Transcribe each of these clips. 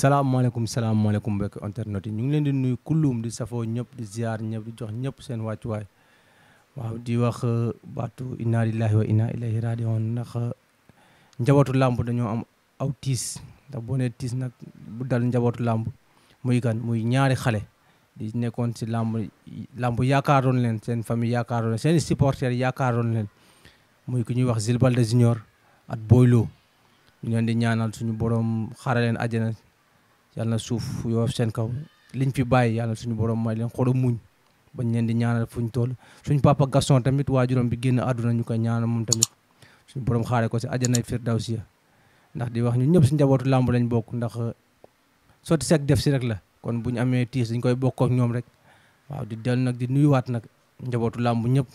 salaamaaleykum salaamaaleykum mbokk internet yi ñu ngi leen di nuyu kullum di safoo ñëpp di ziar ñëpp di jox ñëpp seen wàccuwaay waaw di wax euh, baatu inna lillahi wa inna ilayhi raji'un ndax euh, njabootu làmb dañoo am aw tiis ndax boo tiis nag bu dal njabootu làmb muy kan muy ñaari xale di nekkoon si làmb làmb yaakaaroon leen seen famille yaakaaroon leen seen supporters yaakaaroon leen muy ku ñuy wax Zil Baldé Junior at Boy Lo ñu leen di ñaanal suñu borom xaraleen àjjana yàlla na suuf yoo seen kaw liñ fi bàyyi yàlla suñu borom may leen xoro muñ bañ leen di ñaanal fuñ toll suñ papa Gaston tamit waajuram bi génn àdduna ñu koy ñaanal moom tamit suñu borom xaare ko si àjjana firdawsi ndax di wax ñu ñëpp si njabootu làmbu lañ bokk ndax uh, sotti sek def si rek la kon bu ñu amee tiis dañ koy bokk ñoom rek waaw di dellu nag di nuyuwaat nag njabootu làmb ñëpp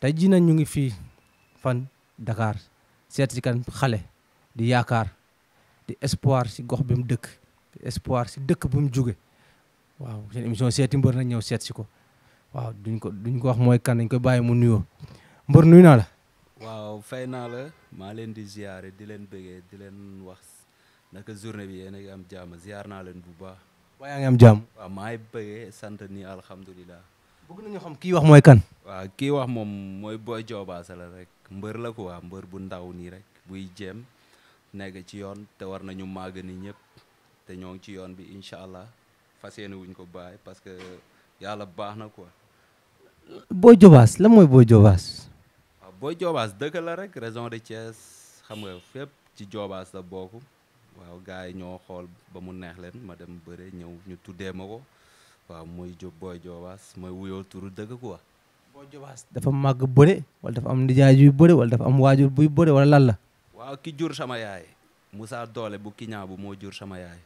tey jii nag ñu ngi fii fan dakaar seet si kan xale di yaakaar di espoir si gox bi mu dëkk espoir si dëkk bu mu jóge waaw seen émission seeti mbër na ñëw seet si ko waaw duñ ko duñ ko wax mooy kan dañ koy bàyyi mu nuyoo mbër nuyu naa waaw fay naa la maa leen di ziare di leen bëggee di leen wax naka journée bi yéen a ngi am jàmm ziar naa leen bu baax waaw yaa ngi am jàmm maa ngi bëggee sant ni alhamdulillah bëgg xam kii mooy kan waaw kii wax moom mooy Boy Diobassé la rek mbër la quoi mbër bu ndaw nii rek buy jéem nekk ci yoon te war nañu màgg ni ñëpp te ñoo ci yoon bi incha allah fa yéene wuñ ko bàyyi parce que yàlla baax na quoi. Boy Diobass la mooy Boy Diobass. waaw Boy Diobass dëkk la rek région de Thiès xam nga fépp ci Diobass la bokk waaw gars yi ñoo xool ba mu neex leen ma dem bëre ñëw ñu tuddee ma ko waaw muy jo Boy Diobass mooy wuyoo turu dëgg quoi. Boy Diobass dafa màgg bëre wala dafa am nijaay yuy bëre wala dafa am waajur buy bëre wala lan la. waaw ki jur sama yaay Moussa Doole bu Kiñaa bu moo jur sama yaay.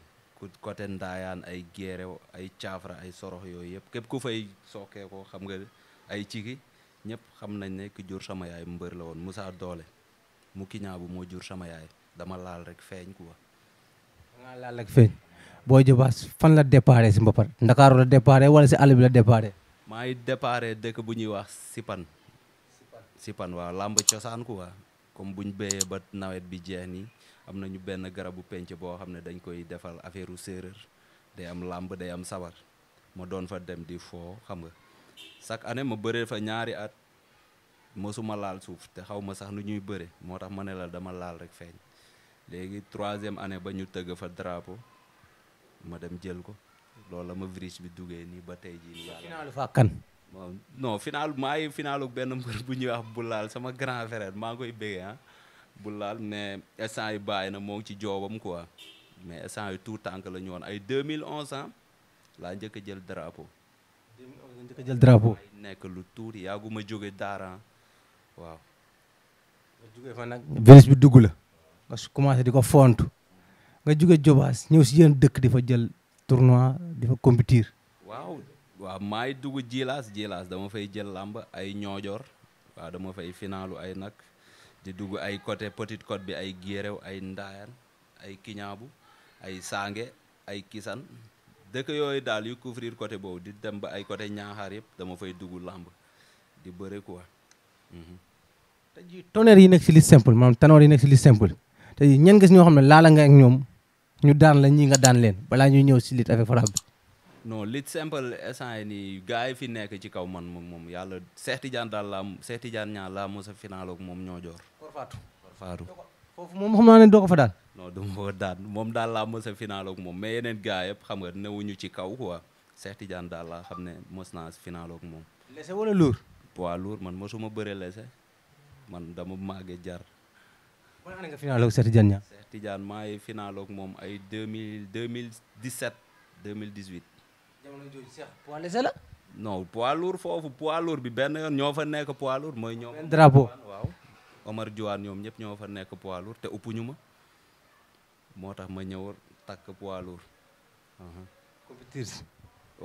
côté Ndaayaan ay Guéréo ay Caafara ay Sorox yooyu yëpp képp ku fay sookee ko xam nga ay cigi ñëpp xam nañ ne ki jur sama yaay mbër la woon Moussa Doole mu kiñaa bu moo jur sama yaay dama laal rek feeñ quoi. dama laal rek feeñ boo jëbaas fan la déparé si Mbapat Ndakaaru la déparé wala si àll bi la déparé. maa ngi déparé dëkk bu ñuy wax Sipan. Sipan waaw làmb cosaan quoi comme buñ béyee ba nawet bi jeex nii. am na ñu benn garabu penc boo xam ne dañ koy defal affaireu séeréer day am làmb day am sabar ma doon fa dem di foo xam nga chaque année ma bëree fa ñaari at mësuma laal suuf te xaw ma sax nu ñuy bëre moo tax ma ne la dama laal rek feeñ léegi troisième année ba ñu tëgg fa drapeau ma dem jël ko loolu la ma virus bi duggee nii ba tey jii. final fa kan. non final maa ngi benn mbër bu ñuy wax bu laal sama grand frère maa koy bëggee ah. bu laal mais instant yi bàyyi na moo ngi ci joobam quoi mais instant yi tout tànk la ñu woon ay 2011 ans laa njëkk a jël drapeau. 2011 njëkk jël drapo nekk lu tuuti yaaguma jóge daaraan waaw. nga jóge nag virus bi dugg la. nga su commencé di ko fontu. nga jóge Jobaas ñëw si yéen dëkk di fa jël tournoi di fa compétir. waaw waaw maay dugg jilaas jilaas dama fay jël làmb ay ñoojoor waaw dama fay finalu ay nag. di dugg ay côté Petite Côte bi ay Guéréw ay Ndaayaan ay Kiñaabu ay Sange ay Kisan dëkk yooyu daal yu couvrir côté boobu di dem ba ay côté ñaaxaar yëpp dama fay dugg làmb di bëre quoi. Mhm. te ji yi nekk si li simple maanaam tanoor yi nekk si li simple te ji gis ñoo xam ne laala nga ak ñoom ñu daan la ñii nga daan leen balaa ñuy ñëw si lit avec frappe bi. non lit simple instant yi nii gars yi fi nekk ci kaw man moom moom yàlla Cheikh Tidiane daal laa Cheikh Tidiane ñaa laa mos a final moom ñoo joor faatu faatu foofu moom xam naa ne doo a fa daal moom daal laa mos a final ak moom mais yeneen gars yëpp xam nga newuñu ci kaw quoi Cheikh Tidiane daal laa xam ne mos naa final ak moom lese wala lour poids lourd man mosuma bëre lese man dama màggee jar ban année nga final ak Cheikh Tidiane ñaa moom ay 2000 2017 2018 jamono jooju Cheikh poids lese la non poids lourd foofu poids lourd bi benn yoon ñoo fa nekk poids lourd mooy ñoom drapeau Omar Diouane ñoom ñëpp ñoo fa nekk poids te ëpp ñu moo tax ma ñëw takk poids lourd.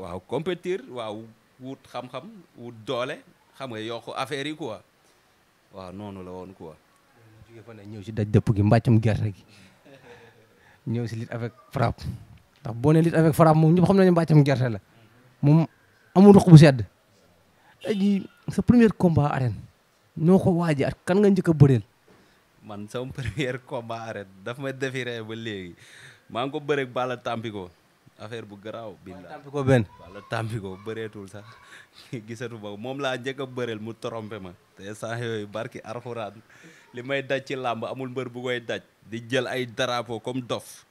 waaw compétir waaw wut xam-xam wut doole xam nga yokk affaire yi quoi waaw noonu la woon quoi. jóge fa ne ñëw si daj dëpp gi mbàccum gerte gi ñëw si lutte avec frappe ndax boo nee lutte avec frappe moom ñëpp xam nañu mbàccum gerte la moom amul ruq bu sedd. sa premier combat arène. noo ko waajee ak kan nga njëkk a bëreel. man sama premier combat arrêt daf ma defi ba léegi maa ngi ko bëreeg Balla Tampico affaire bu garaaw. Balla Tampico benn Balla Tampico bëreetul sax gisatu ma moom laa njëkk a bëreel mu trompé ma. te saa yooyu barki arxuraan li may daj ci làmb amul mbër bu koy daj. di jël ay daraapo comme dof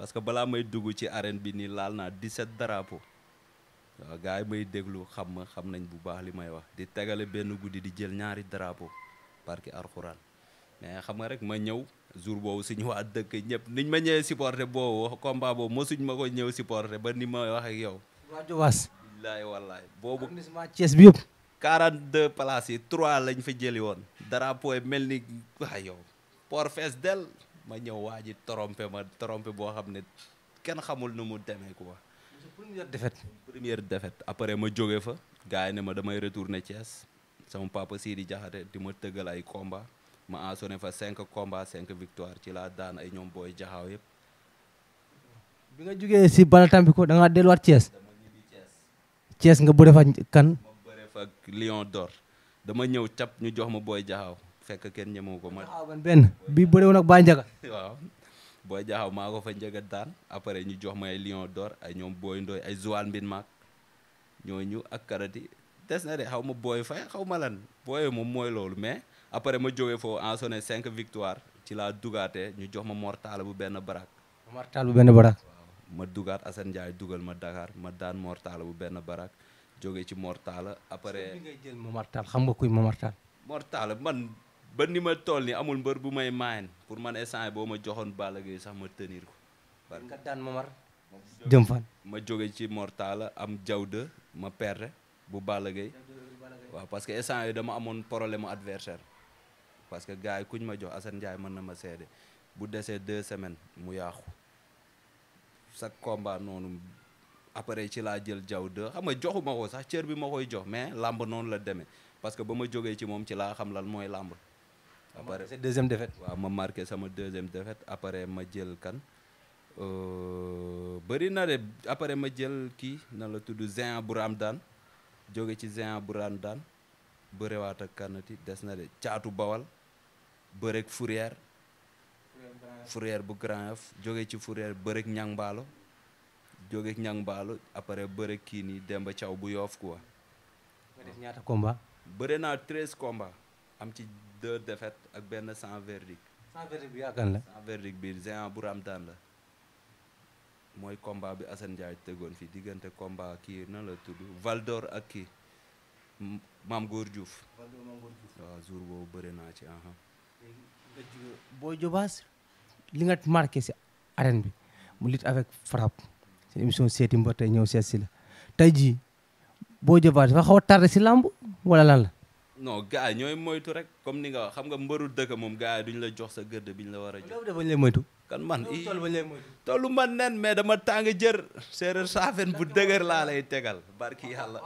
parce que balaa may dugg ci arène bi nii laal naa di set daraapo waaw gars yi may déglu xam ma xam nañ bu baax li may wax di tegale benn guddi di jël ñaari drapeau barki alxuraan mais xam nga rek ma ñëw jour boobu suñu waa dëkk ñëpp niñ ma ñëwee supporté boobu combat boobu mosuñ ma ko ñëw supporté ba ni may wax ak yow. rajo waas. billaay wallaay boobu. arrondissement bi yëpp. 42 places yi 3 lañ fa jëli woon. drapeau yi mel ni waay yow. port fees del ma ñëw waa ji trompé ma trompé boo xam ne kenn xamul nu mu demee quoi. première défaite première défaite après ma jóge fa gars yi ne ma damay retourner Thiès sama papa Sidi Diakhaté di ma tëggal ay komba ma assoné fa cinq combat cinq victoire ci laa daan ay ñoom booy jaxaaw yëpp bi nga jógee si bala bi ko danga delluwaat Thiès dama nga bëre fa kan ma bëre Lion d'or dama ñëw cap ñu jox ma booy jaxaaw fekk kenn ñemewu ko ma benn bi bëre woon ak Baye booy jaaxaw maa ko fa njëga daan après ñu jox ma ay lion d'or ay ñoom booy ndooy ay Joal mbin maag ñooñu ak karati des na de xaw ma booy fay xaw ma lan booyee moom mooy loolu mais après ma jógee foofu en sonné cinq victoire ci laa dugaatee ñu jox ma mortal bu benn barak. mortal benn barak. ma dugaat Assane Ndiaye dugal ma Dakar ma daan mortal bu benn barak jóge ci mortal après. bi ngay jël ma mortal xam nga kuy ma mortal. mortal man. ba ni ma toll ni amul mbër bu may maayen pour man instant boo ma joxoon Balla Gaye sax ma tenir ko. parce que ma mar jëm fan. ma jóge ci mortala am jawde ma perte bu Balla Gaye waaw parce que instant yooyu dama amoon problème adversaire parce que gars yi kuñ ma jox Assane Ndiaye mën na ma seede bu desee deux semaines mu yàqu sa combat noonu après ci laa jël jaw de xam nga joxu ma ko sax cër bi ma koy jox mais làmb noonu la demee parce que ba ma jógee ci moom ci laa xam lan mooy làmb après c'est deuxième défaite. ma marqué sama deuxième défaite après ma jël kan euh, bëri na de après ma jël kii na la tudd Zia Buram daan joge ci Zia Buram daan bërewaat ak kanati des na de caatu bawal bëreg Fourière. Fourière bu Grand Yoff jóge ci Fourière bëreg Ñang Mbaalo joge Ñang Mbaalo après bëreg kii nii Demba Thiaw bu Yoff quoi. nga deux défaites ak benn sans verdict. bi yaakaar la la mooy combat bi Assane Ndiaye tegoon fii diggante combat kii nan la tudd Valdor ak kii Maam Góor Diouf. Valdor Maam Góor Diouf waaw jour boobu boo jobaas li nga si arène bi mu lutte avec frappe seen émission seeti mbër tey ñëw seet si la tey jii boo jobaas dafa xaw a si làmb wala lan non gars ñooy moytu rek comme ni nga wax xam nga mbëru dëkk moom gars yi duñ la jox sa gëdd biñ la war a jox. bañ lay moytu. kan man i tollu man nen mais dama tàng jër séeréer saafen bu dëgër laa lay tegal barki yàlla.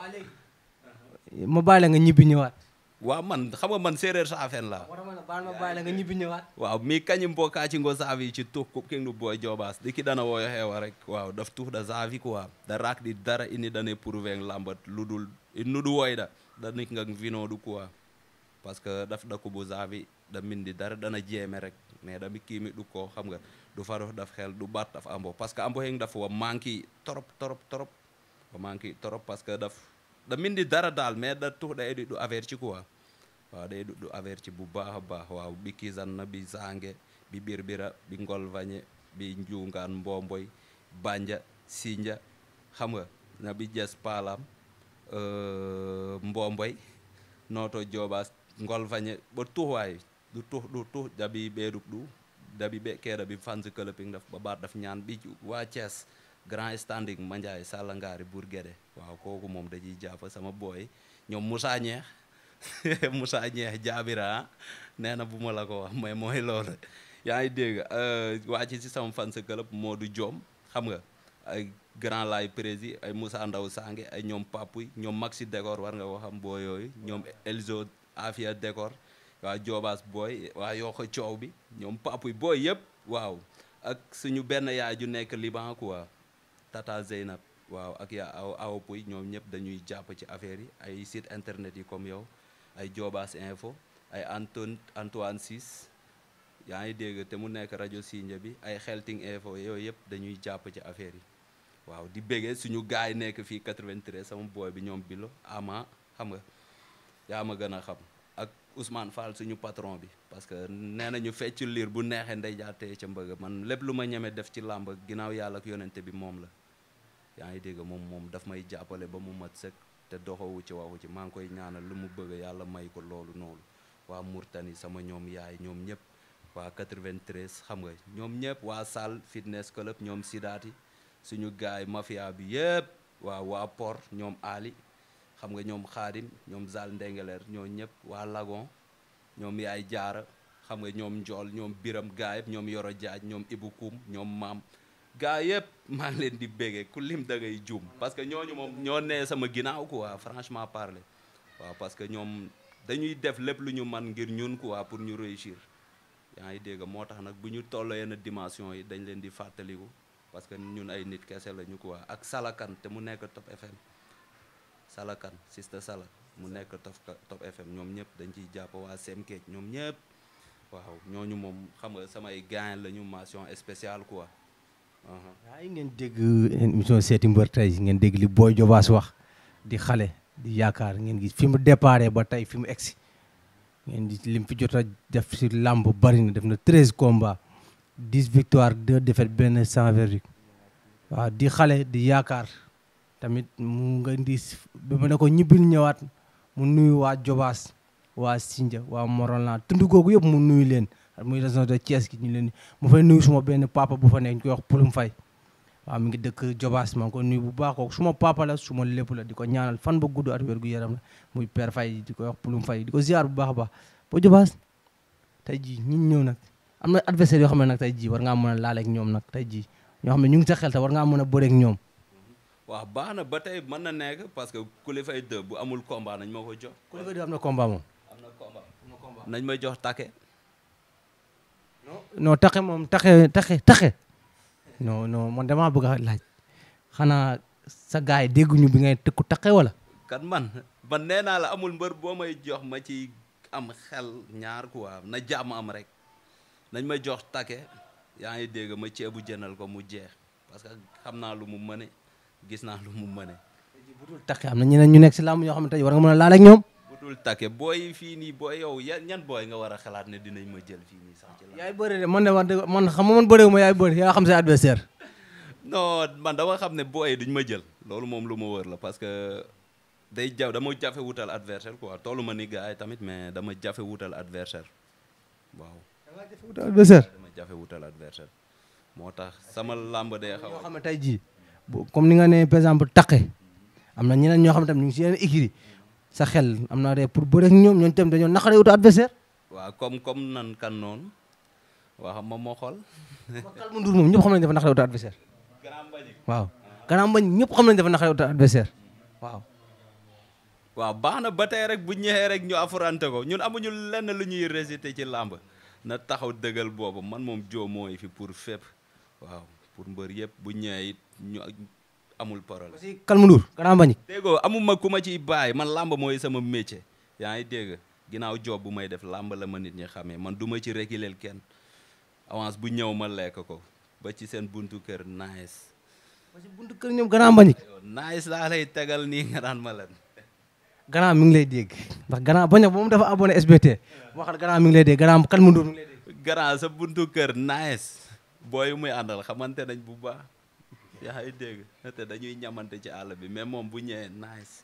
ma bàyyi nga ñibbi ñëwaat. waaw man xam nga man séeréer saafen laa. baal ma bàyyi nga ñibbi ñëwaat. waaw mi kañi mbokkaa ci ngo saafi ci tuux ku kenn du booy joobaas di ki dana wooyo xeewa rek waaw daf tuux da saafi quoi da raak di dara ini dane prouver lambat lu dul nu du woy da danik nga vinoodu parce que daf dakubu zavi da mindi dara dana jeeme rek mais dami kiimi du ko xam nga du farof daf xel du baat daf ambo parce que ambo heng daf wa manki torop torop torop wa manki torop parce que daf da mindi dara daal mais da tux da edu du averti quoi waaw da edu du averti bu baax a baax waaw bi kisanna bi zange bi birbira bi ngolvañe bi njuungaan mbomboy banja sinja xam nga na bi jas mbomboy noto jooɓa ngolvañe ɓo tuhwawi ɗu tuh ɗu tuh daɓi ɓeeɗuk ɗu daɓi ɓe keeɗaɓi fans clubing ba baat daf ñaan ɓi wa thies grand standing mandia e sallangari bourgueɗe waw koko moom dañi jaafa sama booy ñoom moussa ñeex moussa ñeex jaabira nee na bu ma la ko wax mooy mooy loolu yaa ngi dégg waa ci si sama fans club du Diom xam nga ay grand laay prési ay Moussa Ndaw Sange ay ñoom Papuy ñoom Maxi Décor war nga ko xam boo ñoom Elzo Afia Décor waa Joobaas booy waa yoo ko coow bi ñoom Papuy booy yëpp waaw ak suñu benn yaay ju nekk Liban quoi Tata Zeynab waaw ak yaa aw aw puy ñoom ñëpp dañuy jàpp ci affaire yi ay site internet yi comme yow ay Joobaas info ay Antoine Antoine Ciss yaa ngi dégg te mu nekk rajo Sinja bi ay Xelting info yooyu yëpp dañuy jàpp ci affaire yi waaw di béggee suñu gars yi nekk fii 93 sama booy bi ñoom Bilo Ama xam nga yaa ma gën a xam ak Ousmane Fall suñu patron bi parce que nee nañu fecc liir bu neexee ndey jaatee ca mbëgg man lépp lu ma ñeme def ci làmb ginnaaw yàlla ak yonante bi moom la yaa ngi dégg moom moom dafa may jàppale ba mu mat sëkk te doxawu ci waxu ci maa ngi koy ñaanal lu mu bëgg yàlla may ko loolu noonu waa Mourtani sama ñoom yaay ñoom ñëpp waa 93 xam nga ñoom ñëpp waa Salle fitness club ñoom Sidaati suñu gaay mafia bi yëpp waaw waa port ñoom Ali xam nga ñoom xaadim ñoom zal ndengeleer ñoo ñëpp waa lagon ñoom yaay jaara xam nga ñoom njool ñoom biram gaay yëpp ñoom yoro jaaj ñoom ibu kum ñoom maam gaay yëpp maa ngi leen di béggee ku lim da ngay parce que ñooñu moom ñoo nee sama ginnaaw quoi franchement parler waaw parce que ñoom dañuy def lépp lu ñu man ngir ñun ko quoi pour ñu réussir yaa ngi dégg moo tax nag bu ñu tolloo yenn dimension yi dañ leen di fàttaliku parce que ñun ay nit kese la ñu quoi ak Salakan te mu nekk Top FM Salakan sista Sala mu nekk Top Top FM ñoom ñëpp dañ ciy jàpp waa Semkeej ñoom ñëpp waaw ñooñu moom xam nga samay gain lañu ñu mention spéciale quoi. waaye uh-huh. ngeen dégg émission seeti mbër tey ngeen dégg li Boy Diobass wax di xale di yaakaar ngeen gis fi mu déparé ba tey fi mu egg si ngeen di lim fi jot a def si làmb bari def na treize combats. dix victoires deux défaites benn sans verdict waaw di xale di yaakaar tamit mu nga indi ba ne ko ñibbil ñëwaat mu nuyu waa Jobaas waa Sinja waa Morolan tund googu yëpp mu nuyu leen muy région de Thiès gi ñu leen mu fay nuyu suma benn papa bu fa nekk ñu koy wax Pulum Fay waaw mi ngi dëkk Jobaas maa ko nuyu bu baax kooku suma papa la suma lépp la di ko ñaanal fan ba gudd at wér gu yaram muy Père Fay di ko wax Pulum Fay di ko ziar bu baax a baax ba Jobaas tey jii ñun ñëw nag. am na adversaire yoo xam ne nag tey jii war ngaa mën a laaleeg ñoom nag tey jii ñoo xam ne ñu ngi sa xel te war ngaa mën a bëreeg ñoom mm-hmm. waaw baax na ba tey mën na nekk parce que Kulifay 2 bu amul combat nañ ma ko jox Kulifay 2 am na combat moom am na combat nañ ma jox take non moom taxe taxe taxe damaa bëgg a laaj xanaa sa gars yi dégguñu bi ngay tëkku taxe wala kat man man nee naa la amul mbër boo may jox ma ci am xel ñaar quoi na jàmm am rek nañ ma jox takke yaa ngi dégg ma ceebu jënal ko mu jeex parce que xam naa lu mu mëne gis naa lu mu mëne bu dul take am ne ñu nekk si làmb ñoo xam ne tey war nga mën a laal ak ñoom bu dul take booy fii nii booy yow ya ñan booy nga war a xalaat ne dinañ ma jël fii nii sax ci la yaay bëri de man ne wax dëgg man xam man bëriwu ma yaay bëri yaa xam sa adversaire non man dama xam ne booy duñ ma jël loolu moom lu ma wër la parce que day jaw dama jafe wutal adversaire quoi tollu ma ni gars tamit mais dama jafe wutal adversaire adversaire dama jafe wutal adversaire moo tax sama làmb day xaw a. tey jii comme ni nga ne par exemple taqe am na ñeneen ñoo xam ne tam ñu ngi si yeneen écurie sa xel am naa de pour bëre ak ñoom ñooñu tam dañoo naqaree wutal adversaire. waaw comme comme nan kan noonu waaw moom moo xool. Kalmu Ndour moom ñëpp xam nañu dafa naqaree wutal adversaire. waaw gannaaw mbañ ñëpp xam nañu dafa naqaree wutal adversaire waaw. baax na ba tey rek bu ñëwee rek ñu affronté ko ñun amuñu lenn lu ñuy résister ci làmb. na taxaw dëggal boobu man moom joo mooy fi pour fépp waaw pour mbër yëpp bu ñëwee it ñu amul parole. aussi Calme Ndour. Grand Mbagnick. déggoo amuma ku ma ciy bàyyi man làmba mooy sama métier yaa ngi dégg ginnaaw job bu may def làmba la ma nit ñi xamee man duma ma ci reculer kenn avance bu ñëw ma lekk ko ba ci seen buntu kër nice. parce que buntu kër ñoom Grand Mbagnick. nice laa lay tegal nii nga daan ma leen. Grand mi ngi lay dégg ndax Grand bañ a moom dafa abonné SBT waxal Grand mi ngi lay dégg Grand kan mu ndur mi ngi lay dégg. Grand sa buntu nice booy muy àndal xamante nañ bu baax yaa ngi dégg te dañuy ñamante ci àll bi mais moom bu ñëwee nice.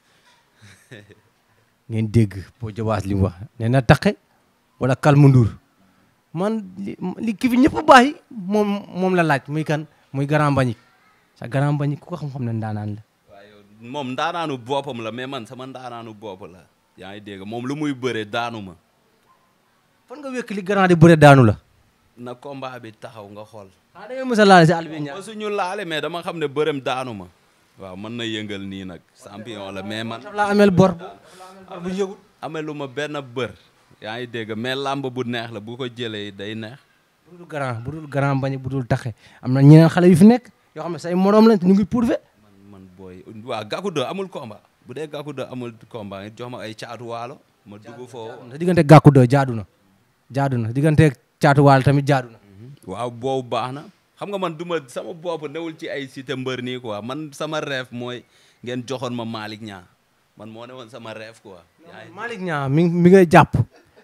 ngeen dégg boo jabaas li mu wax nee na wala kalmu ndur man li kii bi ñëpp bàyyi moom moom la laaj muy kan muy Grand Mbagnick ko xam-xam ne ndaanaan la moom ndaanaanu boppam la mais man sama ndaanaanu bopp la yaa ngi dégg moom lu muy bëre daanu ma. fan nga wékk li grand di bëre daanu la. na combat bi taxaw nga xool. ah da ngay mos a laale si àll bi ñaar suñu laale mais dama xam ne bërëm daanu ma. waaw mën na yëngal nii nag champion la mais man. la amel bor ah, bu yëgul amelu ma benn bër. yaa ngi dégg mais làmb bu neex la bu ko jëlee day neex. budul grand budul grand bañ budul taxe am na ñeneen xale yu fi yoo xam say morom lañ ñu ngi pourvues. booy waaw Gakou 2 amul combat bu dee Gakou 2 amul combat jox ma ay caatu waalo ma dugg foofu. te diggante Gakou 2 jaadu na jaadu na diggante caatu waalo tamit jaadu na. Mm-hmm. waaw boobu baax na xam nga man duma sama bopp newul ci ay cité mbër nii quoi man sama rêve mooy ngeen joxoon ma Malick Niang man moo ne woon sama rêve quoi. Malick Niang mi mi ngay jàpp.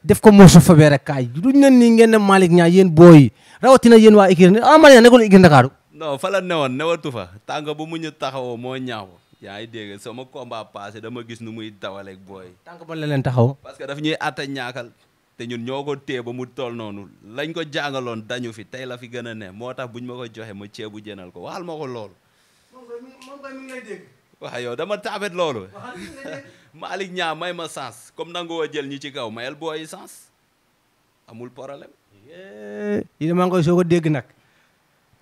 def ko moosu fobee rek kaay duñ leen nii ngeen ne Malick Niang yéen booy non fa la newoon newatu fa tànk ba mu ñu taxawoo moo ñaaw yaa ngi dégg ma combat passé dama gis nu muy dawaleeg booy. tànk ba la leen taxaw. parce que daf ñuy atta ñaakal te ñun ñoo ko téye ba mu toll noonu lañ ko jàngaloon dañu fi tey la fi gën a ne moo tax buñ ma ko joxe ma ceebu jënal ko waxal ma ko loolu. moom dama taabet loolu. Malick ñaa may ma sens comme nangu woo ñu ci kaw mayal booy sens amul problème. yéen maa ngi koy soog a dégg nag.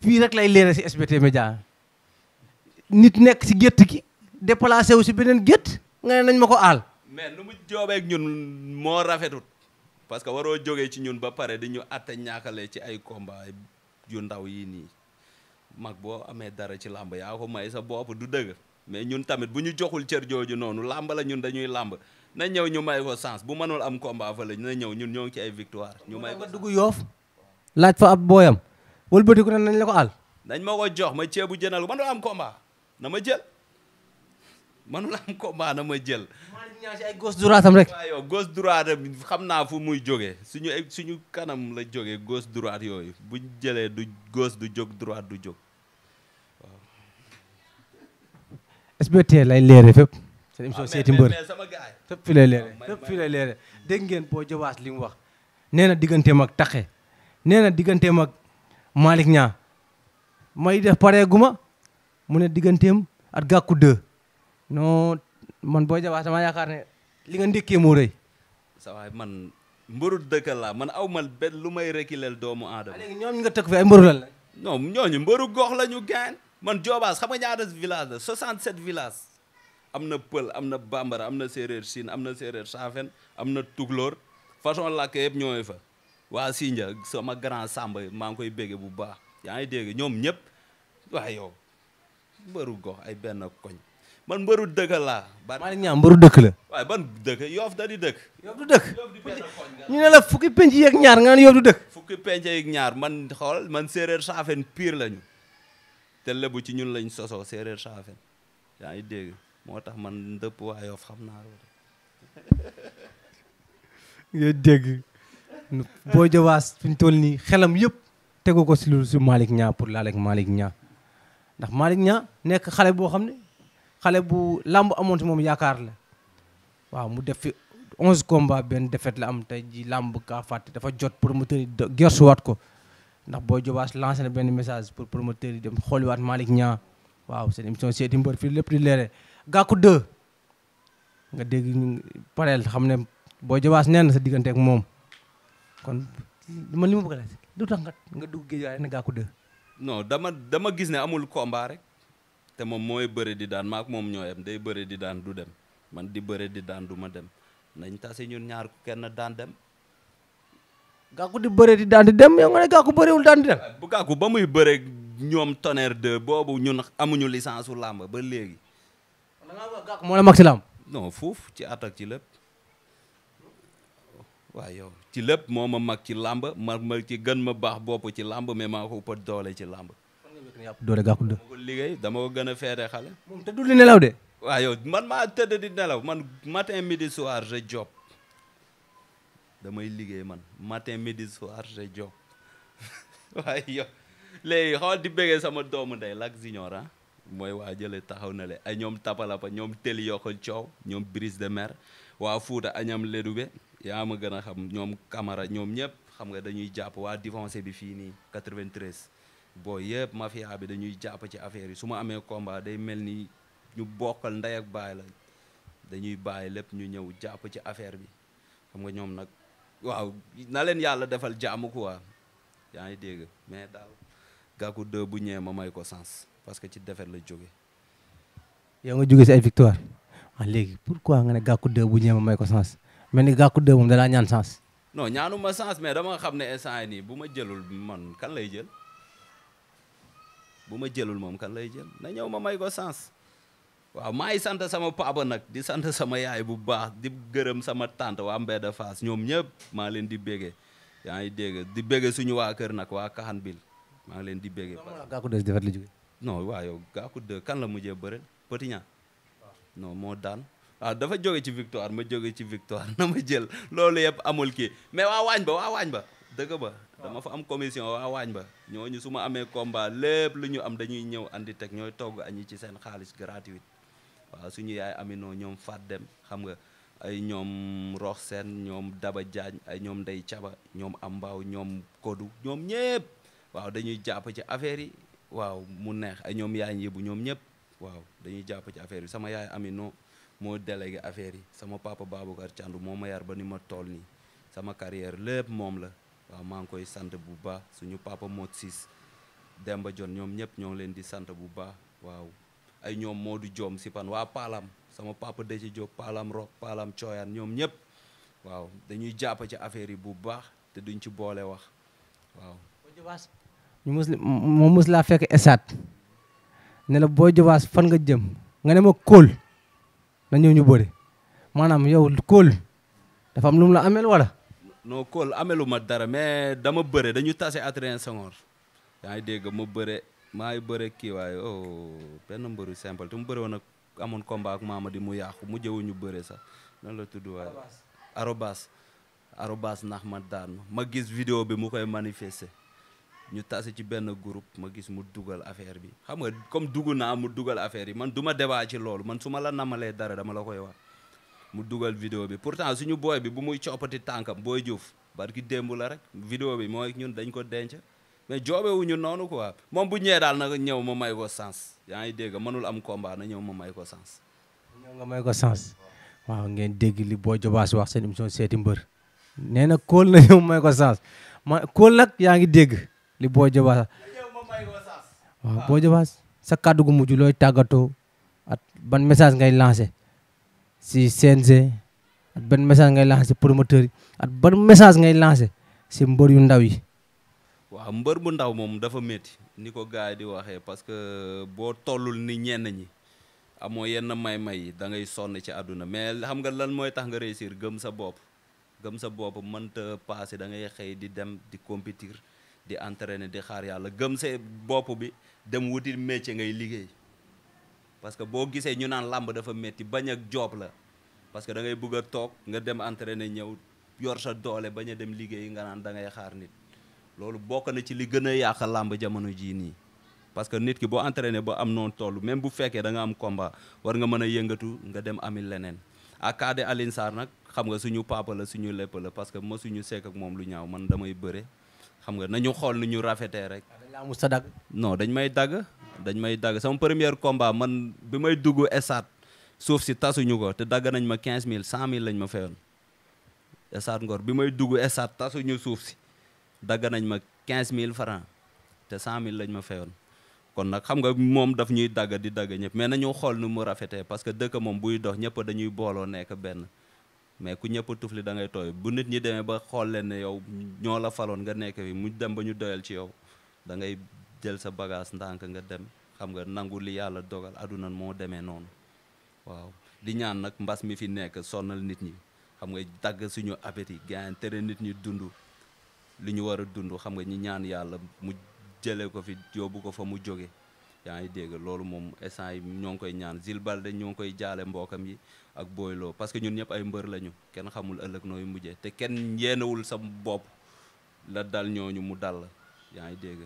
fii rek lay leere si SBT Média nit nekk si gétt gi déplacé wu si beneen gétt nga ne nañ ma ko aal mais nu mu joobeek ñun moo rafetut parce que waroo jógee ci ñun ba pare di ñu atte ñaakale ci ay combat yu ndaw yii nii mag boo amee dara ci làmb yaa ko may sa bopp du dëgg mais ñun tamit bu ñu joxul cër jooju noonu làmb ñun dañuy làmb na ñëw ñu may ko sens bu mënul am komba fa la na ñëw ñun ñoo ngi ci ay victoire ñu may ko dugg yoof laaj fa ab booyam wëlbatiku na nañ la ko àll. nañ ma ko jox ma ceebu jënal man la am combat na ma jël man la am combat na ma jël. Malick Niang si ay gauche droite am rek. waaw yow gauche droite am xam naa fu muy jógee suñu suñu kanam la jógee gauche droite yooyu buñ jëlee du gauche du jóg droite du jóg waaw. SBT lay leere fépp. seen ah, émission seeti mbër sama gaay fi lay leere ah, fépp dégg ngeen boo jawaas li mu wax nee na digganteem ak taxe nee na digganteem ak. Malick ñaa may def pareeguma mu ne digganteem at gàkku deux non man booy jabaas dama yaakaar ne li nga ndékkee moo rëy sa waay man mbëru dëkk laa man aw ma benn lu may rekileel doomu aadama ah, léegi ñoom ñu nga tëkk fi ay mbëru lan la non ñooñu mbëru gox la ñu man joobaas xam nga ñaata village la 67 village am na pël am na bambara am na séeréer siin am na séeréer saafen am na tuglóor façon làkk yëpp ñooy fa waa Sindia sama grand Samba maa ngi koy béggee bu baax yaa ngi dégg ñoom ñëpp waa yow mbëru gox ay benn koñ man mbëru dëkk la Malick Niang mbëru dëkk la. waaye ban dëkk Yoff di dëkk. du dëkk ñu ne la fukki penc yi ak ñaar nga du dëkk. fukki penc yi ak man xool man séeréer saafen pire lañu te lebu ci ñun lañ soso séeréer saafen yaa ngi dégg moo tax man ndëpp waa Yoff xam naa loolu. nga boo jëwaas fi ñu toll nii xelam yëpp tegu ko si lu si Malick Niang pour laaleeg Malick ñaa ndax Malick Niang nekk xale boo xam ne xale bu làmb amoon si moom yaakaar la waaw mu def fi onze combat benn défaite la am tey ji làmb kaa fàtte dafa jot promoteur yi gersuwaat ko ndax boo jëwaas lancé na benn message pour promoteur yi dem xooliwaat Malick Niang waaw seen émission seeti mbër fii lépp di leere gàkku deux nga dégg pareel xam ne boo jëwaas nee sa diggante ak moom kon ma bëgg a laaj lu tax nga nga dugg géej waaye na gàkku dë non dama dama gis ne amul combat te moom mooy bëre di daan maak moom ñoo yem day bëre di daan du dem man di bëre di daan du ma dem nañ tase ñun ñaar ku kenn daan dem gàkku di bëre di daan di dem yow nga ne gàkku bëreewul daan di dem ah, bu gàkku ba muy bëre ñoom tonnerre de boobu ñun amuñu licence u làmb ba léegi da ngaa wax gàkku moo ci làmb ci at ci lépp waa yow ci lépp moo ma mag ci làmb ma ma ci gën ma baax bopp ci làmb mais maa ko ëpp doole ci làmb. doole gàkku dama ko liggéey dama ko gën a feete xale. moom tëddul di nelaw de. waaw yow man maa tëdd di nelaw man matin midi soir je job damay liggéey man matin midi soir je job waaye yow léegi xool di bëggee sama doomu ndey lak junior ah. mooy waa jële taxaw na le ay ñoom tapalapa ñoom teli yokkal coow ñoom brise de mer waa fuuta añam ledu be yaa ma gën a xam ñoom kamara ñoom ñëpp xam nga dañuy jàpp waa divancé bi fii nii 93 boo yëpp mafia bi dañuy jàpp ci affaire bi su ma amee combat day mel ni ñu bokkal ndey baay la dañuy bàyyi lépp ñu ñëw jàpp ci affaire bi xam nga ñoom nag waaw na leen yàlla defal jàmm quoi yaa ngi dégg mais daal bu ñëwee ma may ko sens parce que ci defet la jóge yow nga jóge si ay victoire ah léegi pourquoi nga ne gàkku deux bu ñëwee ma may ko sens mel ni gàkku dee moom dalaa ñaan sens. no ñaanu ma sens mais dama xam ne instant yii nii bu ma jëlul man kan lay jël bu ma jëlul moom kan lay jël na ñëw ma may ko sens. waaw maa sant sama papa nag di sant sama yaay bu baax di gërëm sama tante waa Mbeda Fass ñoom ñëpp maa leen di bége yaa ngi dégg di bége suñu waa kër nag waa kaan Bil maa leen di bége. gàkku des defet la jóge kan la mujjee bëre Petit Niang non moo daan. waaw ah, dafa jóge ci victoire ma jóge ci victoire na ma jël loolu yëpp amul kii mais waa waañ ba waa waañ ba dëgg ba dama fa am commission waa waañ ba ñooñu su ma amee combat lépp lu ñu am dañuy ñëw andi teg ñooy togg añi ci seen xaalis gratuite waaw suñu yaay aminoo ñoom fat dem xam nga ay ñoom rox seen ñoom daba jaañ ay ñoom ndey caba ñoom am ambaaw ñoom kodu ñoom ñëpp waaw dañuy jàpp ci affaire yi waaw mu neex ay ñoom yaay yëbu ñoom ñëpp waaw dañuy jàpp ci affaire yi sama yaay aminoo moo délégué affaire yi sama papa Babacar Thiandou moo ma yar ba ni ma tool nii sama carrière lépp moom la waaw maa ngi koy sant bu baax suñu papa Mot Sis Demba Jon ñoom ñëpp ñoo leen di sant bu baax waaw ay ñoom Modou Diom si pan waa sama papa Déji Diop Paalam Rock Paalam Cooyaan ñoom ñëpp waaw dañuy jàpp ci affaire yi bu baax te duñ ci boole wax waaw. mos laa fekk esaat ne boo jëwaas fan nga jëm nga ne ma kóol na ñëw ñu bëri maanaam yow kóol dafa am la amel wala. non kóol amelu ma dara mais dama bëre dañu tase Adrien Senghor. yaa ngi dégg ma bëre maay bëre kii waaye oh benn mbëru simple te mu bëre woon ak amoon combat ak Mamadi mu yàqu mu jëwu ñu bëre sax nan la tudd waaye. arobas arobas nax ma daan ma gis vidéo bi mu koy manifester. ñu tase ci benn groupe ma gis mu dugal affaire bi xam nga comme dugg naa mu dugal affaire yi man duma ma débat loolu man suma ma la namalee dara dama la koy wax mu dugal vidéo bi pourtant suñu booy bi bu muy coppati tànkam booy Diouf barki démb la rek video bi mooy ñun dañ ko denc mais joobewuñu noonu quoi moom bu ñëwee daal nag ñëw ma may ko sens yaa ngi dégg mënul am combat na ñëw ma may ko sens. ñëw nga may ko sens. waaw ngeen dégg li boo jobaas wax seen émission seeti mbër. nee na kóol na may ko sens ma kóol nag yaa ngi dégg. li boo jëbaas boo jëbaas sa kàddu gu mujj looy tàggatoo at ban message ngay lancé si CNG at ban message ngay lancé si promoteur yi at ban message ngay lancé si mbër yu ndaw yi waaw mbër bu ndaw moom dafa metti ni ko gars di waxee parce que boo tollul ni ñenn ñi amoo yenn may-may yi da ngay sonn ci àdduna mais xam nga lan mooy tax nga réussir gëm sa bopp gëm sa bopp mënta paase da ngay xëy di dem di compétir di entraîner di xaar yàlla gëm see bopp bi dem wuti métier ngay liggéey parce que boo gisee ñu naan làmb dafa métti bañ ak joob la parce que da ngay bëgg a toog nga dem entraîner ñëw yor sa doole bañ a dem liggéey nga naan da ngay xaar nit loolu bokk na ci li gën a yàq làmb jamono jii nii parce que nit ki boo entraîné ba am noonu toll même bu fekkee da nga am combat war nga mën a yëngatu nga dem ami leneen ak cas de Alioune nag xam nga suñu papa la suñu lépp la parce que mosuñu sekk ak moom lu ñaaw man damay bëre xam nga nañu xool nu ñu rafetee rek. Ah, dañ la dagg. non dañ may dagg dañ may dagg sama première combat man bi may dugg esaat suuf si tasuñu ko te dagg nañ ma quinze mille 15000 mille lañ ma fayoon esaat ngor bi may dugg esaat tasuñu suuf si dagg nañ ma mille francs te cent mille lañ ma fayoon. kon nag xam nga moom daf ñuy dagg di dagg ñëpp mais nañu xool nu mu rafetee parce que dëkk moom buy dox ñëpp dañuy booloo nekk benn. mais ku ñëpp tufli da ngay tooy bu nit ñi demee ba xool leen ne yow ñoo la faloon nga nekk fi mu dem ba ñu doyal ci yow da ngay jël sa bagage ndànk nga dem xam nga nangu li yàlla dogal aduna moo demee noonu waaw di ñaan nag mbas mi fi nekk sonnal nit ñi xam nga dagg suñu yi gaan tere nit ñi dund li ñu war a dund xam nga ñi ñaan yàlla mu jëlee ko fi yóbbu ko fa mu jóge yaa ngi dégg loolu moom instant yi ñoo ngi koy ñaan Zil Balde ñoo ngi koy jaale mbookam yi ak booyloo parce que ñun ñëpp ay mbër lañu kenn xamul ëllëg nooy mujjee te kenn yéenewul sa bopp la dal ñu mu dal la yaa ngi dégg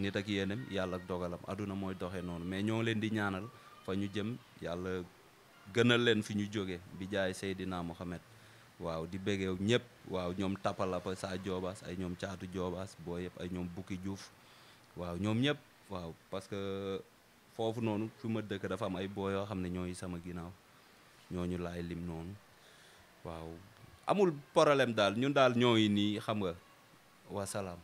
nit ak yéenam yàlla ak dogalam aduna mooy doxee noonu mais ñoo leen di ñaanal fa ñu jëm yàlla gënal leen fi ñu jóge bi jaay Seydina Mohamed waaw di bégeew ñëpp waaw ñoom tapalapa saa joobaas ay ñoom caatu joobaas boo yëpp ay ñoom bukki juuf waaw ñoom ñëpp waaw parce que foofu noonu fi ma dëkk dafa am ay boo yoo xam ne ñooy sama ginnaaw ñooñu laay lim noonu waaw amul problème daal ñun daal ñooy nii xam nga wasalaam.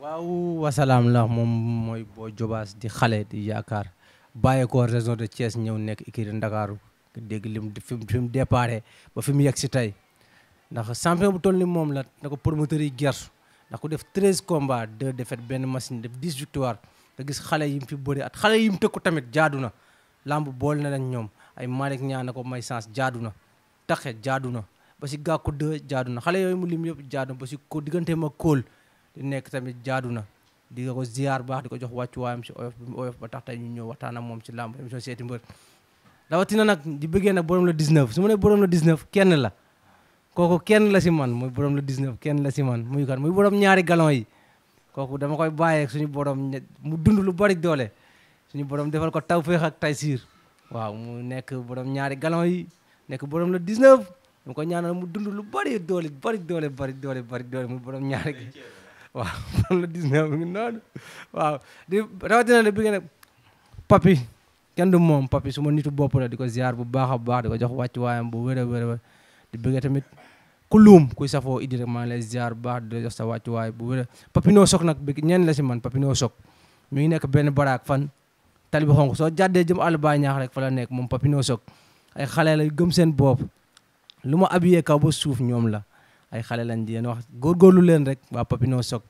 waaw wasalaam la moom mooy boo jobaas di xale di yaakaar bàyyi ko région de Thiès ñëw nekk écurie Ndakaaru dégg lim fi fi mu déparé ba fi mu yegg si tey ndax champion bu toll ni moom la na ko promoteur yi gersu ndax ku def 13 combats 2 défaites benn machine def 10 victoire nga gis xale yi mu fi bëri at xale yi mu tamit jaadu na làmb boole na lañ ñoom ay Malick ñaan na ko may chance jaadu na taxe jaadu na ba si gàkku 2 jaadu na xale yooyu mu lim yëpp jaadu ba si ko diggante a kool di nekk tamit jaadu na di nga ko ziar baax di ko jox wàccuwaayam si oyof bi mu oyof ba tax tey ñu ñëw waxtaan moom si làmb émission seeti mbër rawatina nag di bëggee nag borom la 19 kenn la kooku kenn la si man muy borom le 19 kenn la si man muy kan muy borom ñaari galon yi kooku dama koy bàyyeeg suñu borom mu dund lu bari doole suñu borom defal ko tawféex ak taysiir waaw mu nekk borom ñaari galon yi nekk borom le 19 mu ko ñaanal mu dund lu bari doole bari doole bari doole bari doole muy borom ñaari waaw borom le 19 mu ngi noonu waaw di rawatina le bi ngeen papi kenn du moom papi su ma nitu bopp la di ko ziar bu baax a baax di jox wàcc waayam bu wér a di bëgg tamit kulum kuy safoo Idrissa maa ngi lay bu baax di jox sa wàccuwaay bu wér Papino Sok nag bi ñeen la si man pappinoo Sok mi ngi nekk benn baraak fan tali bi xonk soo jàddee jëm àll ba ñaax rek fa la nekk moom Papino Sok ay xale la gëm seen bopp lu ma abiyee kaw ba suuf ñoom la ay xale lañ di leen wax góorgóorlu leen rek waa Papino Sok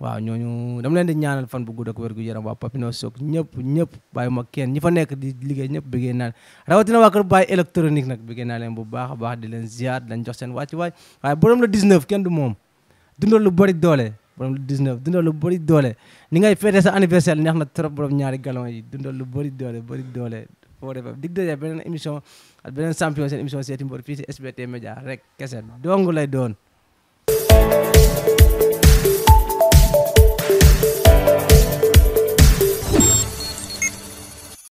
waaw ñooñu dama leen di ñaanal fan bu gudd ak wér gu yaram waa Papino Sok ñëpp ñëpp bàyyi ma kenn ñi fa nekk di liggéey ñëpp bëggee naa rawatina waa kër Baye électronique nag bëggee naa leen bu baax a baax di leen ziar dañ jox seen wàcc waay waaye borom la 19 kenn du moom dundal lu bëri doole borom lu 19 dundal lu bëri doole ni ngay fêté sa anniversaire neex na trop borom ñaari galon yi dundal lu bëri doole bëri doole foo defee dig dajee beneen émission ak beneen champion seen émission seeti mbor fii si SBT Média rek kese dong lay doon